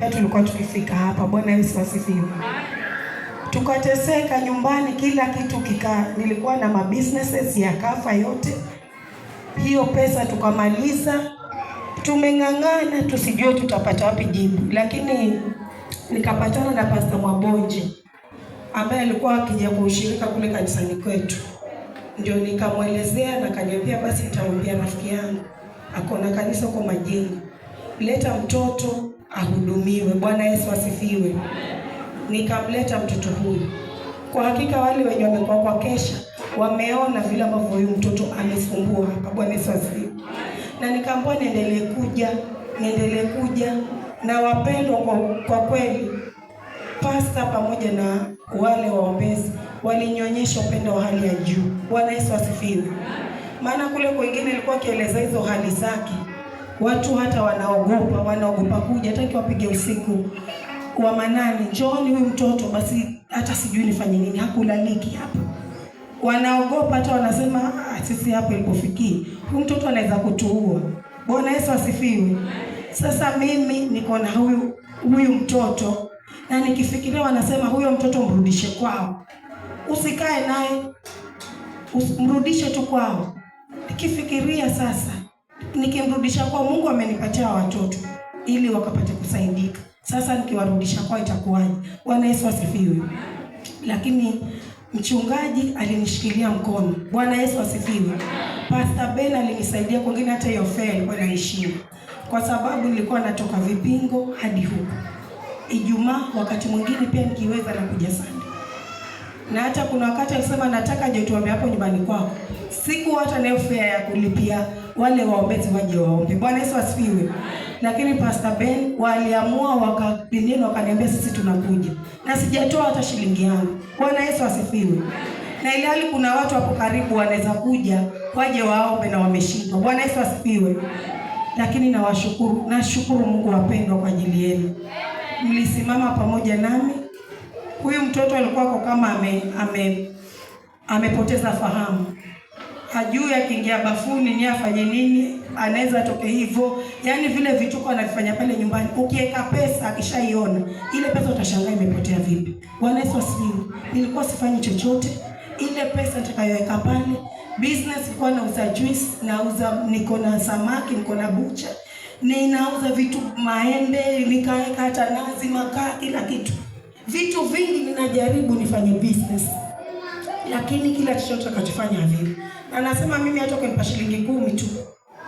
Yaani tulikuwa tukifika hapa. Bwana Yesu asifiwe. Tukateseka nyumbani, kila kitu kika, nilikuwa na mabusinesses kafa yote, hiyo pesa tukamaliza. Tumeng'ang'ana tusijue tutapata wapi jibu, lakini nikapatana na Pasta Mwabonje ambaye alikuwa akija kushirika kule kanisani kwetu, ndio nikamwelezea na kaniambia, basi nitamwambia rafiki yangu akona kanisa kwa majengo, leta mtoto ahudumiwe. Bwana Yesu asifiwe. Nikamleta mtoto huyu. Kwa hakika wale wenye wamekuwa kwa kesha wameona vile ambavyo huyu mtoto amesumbua hapa. Bwana Yesu asifiwe. Na nikaambiwa niendelee kuja, niendelee kuja na wapendwa, kwa, kwa kweli pasta pamoja na wale waombezi walinyonyesha upendo wa hali ya juu. Bwana Yesu asifiwe. Maana kule kwingine ilikuwa akieleza hizo hali zake Watu hata wanaogopa, wanaogopa kuja, hata kiwapige usiku wa manani, njooni huyu mtoto basi, hata sijui nifanye nini, hakulaliki hapa. Wanaogopa hata wanasema ah, sisi hapo ilipofikia, huyu mtoto anaweza kutuua. Bwana Yesu asifiwe. Sasa mimi niko na huyu huyu mtoto na nikifikiria, wanasema huyo mtoto mrudishe kwao, usikae naye, mrudishe tu kwao. Nikifikiria sasa Nikimrudisha kwa Mungu amenipatia watoto ili wakapate kusaidika. Sasa nikiwarudisha kwa itakuwaje? Bwana Yesu asifiwe. Lakini mchungaji alinishikilia mkono. Bwana Yesu asifiwe. Pastor Ben alinisaidia, kwingine hata hiyo fare ilikuwa inaishia, kwa sababu nilikuwa natoka vipingo hadi huko. Ijumaa wakati mwingine pia nikiweza na kuja sana, na hata kuna wakati alisema nataka jotuambia hapo nyumbani kwako, siku hata nayo fare ya kulipia wale waombezi waje waombe. Bwana Yesu asifiwe. Lakini Pastor Ben waliamua wakapindeni, wakaniambia sisi tunakuja, na sijatoa hata shilingi yangu. Bwana Yesu asifiwe. Na ilhali kuna watu hapo karibu wanaweza kuja waje waombe na wameshindwa. Bwana Yesu asifiwe. Lakini nawashukuru, nashukuru Mungu wapendwa kwa ajili yenu, mlisimama pamoja nami. Huyu mtoto alikuwa kama ame, ame, amepoteza fahamu hajui akiingia bafuni ni afanye nini, anaweza atoke hivyo. Yani vile vituko anavifanya pale nyumbani, ukiweka pesa akishaiona ile pesa utashangaa imepotea vipi. Bwana Yesu asifiwe. Nilikuwa sifanyi chochote, ile pesa nitakayoweka pale business, nilikuwa nauza juice, nauza, niko na samaki, niko na bucha, ninauza vitu, maembe, nikaweka hata nazi, makaa, kila kitu, vitu vingi. Ninajaribu nifanye business, lakini kila chochote akachofanya vile na nasema mimi hata ukanipa shilingi kumi tu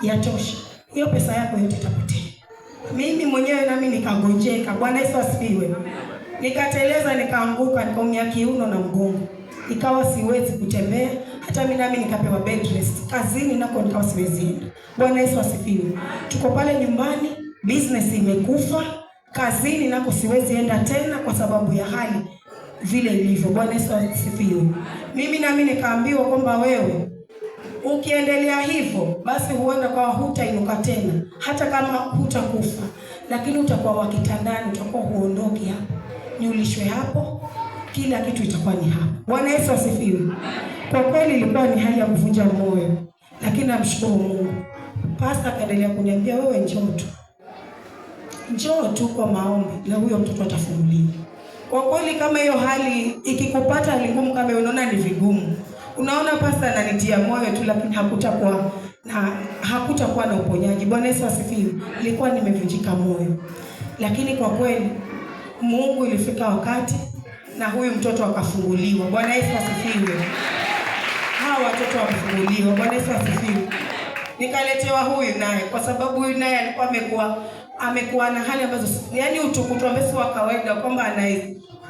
yatosha, hiyo pesa yako yote itapotea. Mimi mwenyewe nami nikagonjeka, Bwana Yesu asifiwe, nikateleza, nikaanguka, nikaumia kiuno na mgongo, ikawa siwezi kutembea. Hata mimi nami nikapewa bed rest, kazini nako nikawa siwezi enda. Bwana Yesu asifiwe. Tuko pale nyumbani, business imekufa, kazini nako siwezi enda tena kwa sababu ya hali vile ilivyo. Bwana Yesu asifiwe. Mimi nami nikaambiwa kwamba wewe Ukiendelea hivyo, basi huenda kwa hutainuka tena, hata kama hutakufa, lakini utakuwa wa kitandani, utakuwa huondoki hapo, niulishwe hapo, kila kitu itakuwa ni hapo. Bwana Yesu asifiwe. Kwa kweli ilikuwa ni hali ya kuvunja moyo, lakini namshukuru Mungu. Pasta akaendelea kuniambia, wewe njoo tu, njoo tu kwa maombi na huyo mtoto atafunguliwa. Kwa kweli kama hiyo hali ikikupata, hali ngumu kama unaona ni vigumu Unaona, pasta ananitia moyo tu, lakini hakutakuwa na hakutakuwa na uponyaji. Bwana Yesu asifiwe. Nilikuwa nimevunjika moyo, lakini kwa kweli Mungu ilifika wakati na huyu mtoto akafunguliwa. Bwana Yesu asifiwe. Hawa watoto wamefunguliwa. Bwana Yesu asifiwe. Nikaletewa huyu naye, kwa sababu huyu naye alikuwa amekuwa amekuwa na hali ambazo, yaani utukutu ambao si wa kawaida, kwamba anaweza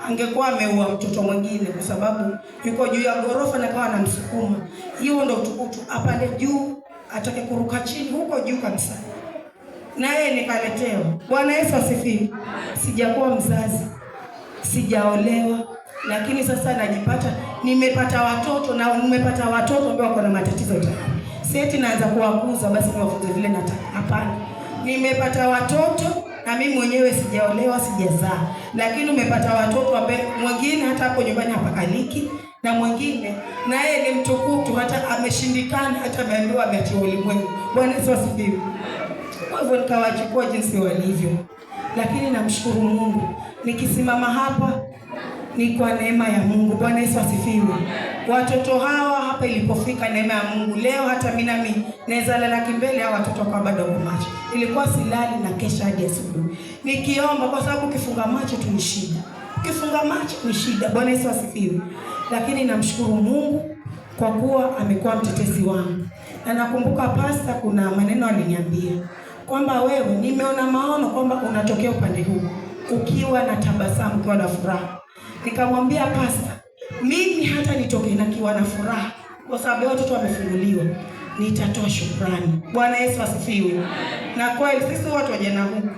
angekuwa ameua mtoto mwingine, kwa sababu yuko juu ya ghorofa na kawa anamsukuma. Hiyo ndio utukutu, apande juu atake kuruka chini huko juu kabisa, na yeye nikaletewa. Bwana Yesu asifiwe. Sijakuwa mzazi, sijaolewa, lakini sasa najipata nimepata watoto na nimepata watoto ambao wako na matatizo tayari. Sieti naanza kuwakuza basi niwafunze vile nataka, hapana. Nimepata watoto na mimi mwenyewe sijaolewa, sijazaa, lakini umepata watoto ambaye mwingine hata hapo nyumbani hapakaliki, na mwingine na yeye ni mtukutu, hata ameshindikana, hata ameambiwa ameti ulimwengu. Bwana Yesu asifiwe. Kwa hivyo nikawachukua jinsi walivyo, lakini namshukuru Mungu nikisimama hapa ni kwa neema ya Mungu. Bwana Yesu asifiwe. Watoto hawa hapa ilipofika neema ya Mungu, leo hata mimi nami naweza lala kimbele hao watoto kwa bado macho. Ilikuwa silali na kesha hadi asubuhi nikiomba, kwa sababu kifunga macho tu shida, ukifunga macho ni shida. Bwana Yesu asifiwe. Lakini namshukuru Mungu kwa kuwa amekuwa mtetezi wangu, na nakumbuka pasta, kuna maneno aliniambia kwamba wewe, nimeona maono kwamba unatokea upande huu ukiwa na tabasamu, ukiwa na furaha Nikamwambia pasta, mimi hata nitoke nakiwa na furaha kwa sababu watoto wamefunguliwa, nitatoa shukrani. Bwana Yesu asifiwe. Na kweli sisi watu wajana huku,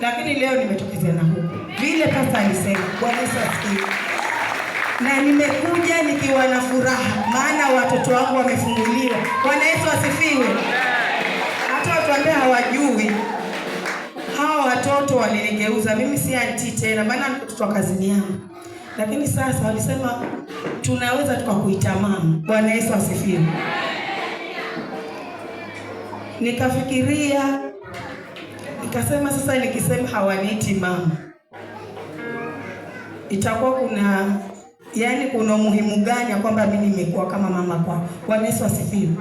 lakini leo nimetokezea na huku vile pasta alisema. Bwana Yesu asifiwe. Na nimekuja nikiwa na furaha, maana watoto wangu wamefunguliwa. Bwana Yesu asifiwe. Hata watu ambao hawajui hawa watoto walinigeuza mimi, si anti tena, maana mtoto wa kazini yangu lakini sasa walisema tunaweza tukakuita mama. Bwana Yesu asifiwe. Nikafikiria nikasema, sasa nikisema hawaniiti mama itakuwa kuna yani kuna umuhimu gani ya kwamba mimi nimekuwa kama mama kwao? Bwana Yesu asifiwe.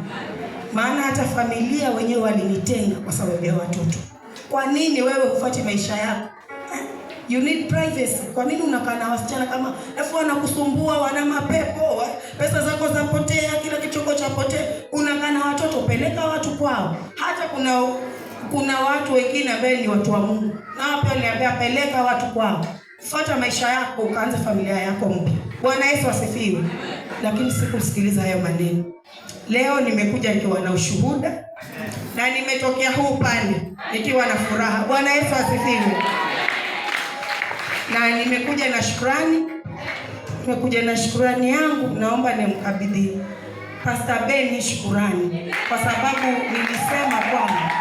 Maana hata familia wenyewe walinitenga kwa sababu ya watoto. Kwa nini wewe hufuati maisha yako you need privacy. Kwa nini unakaa na wasichana kama alafu wanakusumbua, wana mapepo, pesa zako zapotea, kila kichoko chapotea. Unakaa na watoto, peleka watu kwao. Hata kuna kuna watu wengine ambao ni watu wa Mungu, na pia niambia, peleka watu kwao, fuata maisha yako, ukaanze familia yako mpya. Bwana Yesu asifiwe. Lakini sikusikiliza hayo maneno. Leo nimekuja nikiwa na ushuhuda na nimetokea huu pale nikiwa na furaha. Bwana Yesu asifiwe na nimekuja na shukrani, nimekuja na shukrani yangu, naomba nimkabidhi Pastor Beni shukrani, kwa sababu nilisema kwamba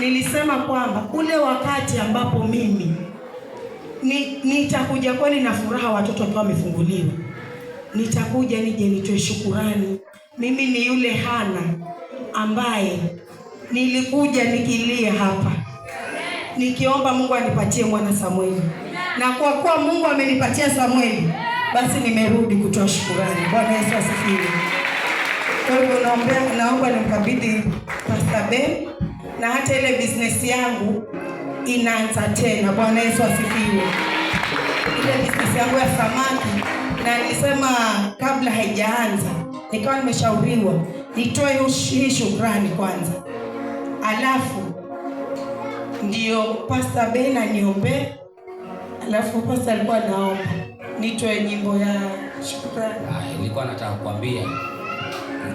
nilisema kwamba ule wakati ambapo mimi nitakuja ni kwani na furaha, watoto wakiwa wamefunguliwa, nitakuja nije nitoe shukurani. Mimi ni yule Hana ambaye nilikuja nikilia hapa nikiomba Mungu anipatie mwana Samueli, na kwa kuwa Mungu amenipatia Samueli, basi nimerudi kutoa shukurani. Bwana Yesu asifiwe. Kwa hivyo naomba, naomba nimkabidhi Pastor Ben na hata ile business yangu inaanza tena. Bwana Yesu asifiwe. Ile business yangu ya samaki, na nilisema kabla haijaanza nikawa nimeshauriwa nitoe hii shukrani kwanza, alafu ndio pasta Ben aniombee, alafu pasta alikuwa naomba nitoe nyimbo ya shukrani. Ah, nilikuwa nataka kukwambia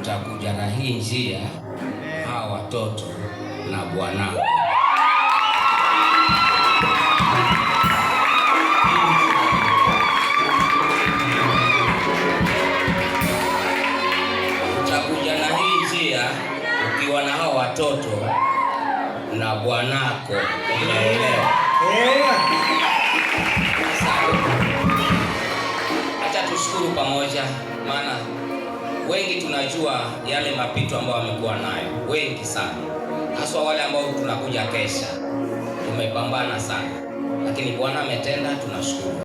utakuja na hii njia hawa watoto na bwanao maana wengi tunajua yale mapito ambayo wamekuwa nayo wengi sana, haswa wale ambao tunakuja kesha. Tumepambana sana, lakini Bwana ametenda, tunashukuru.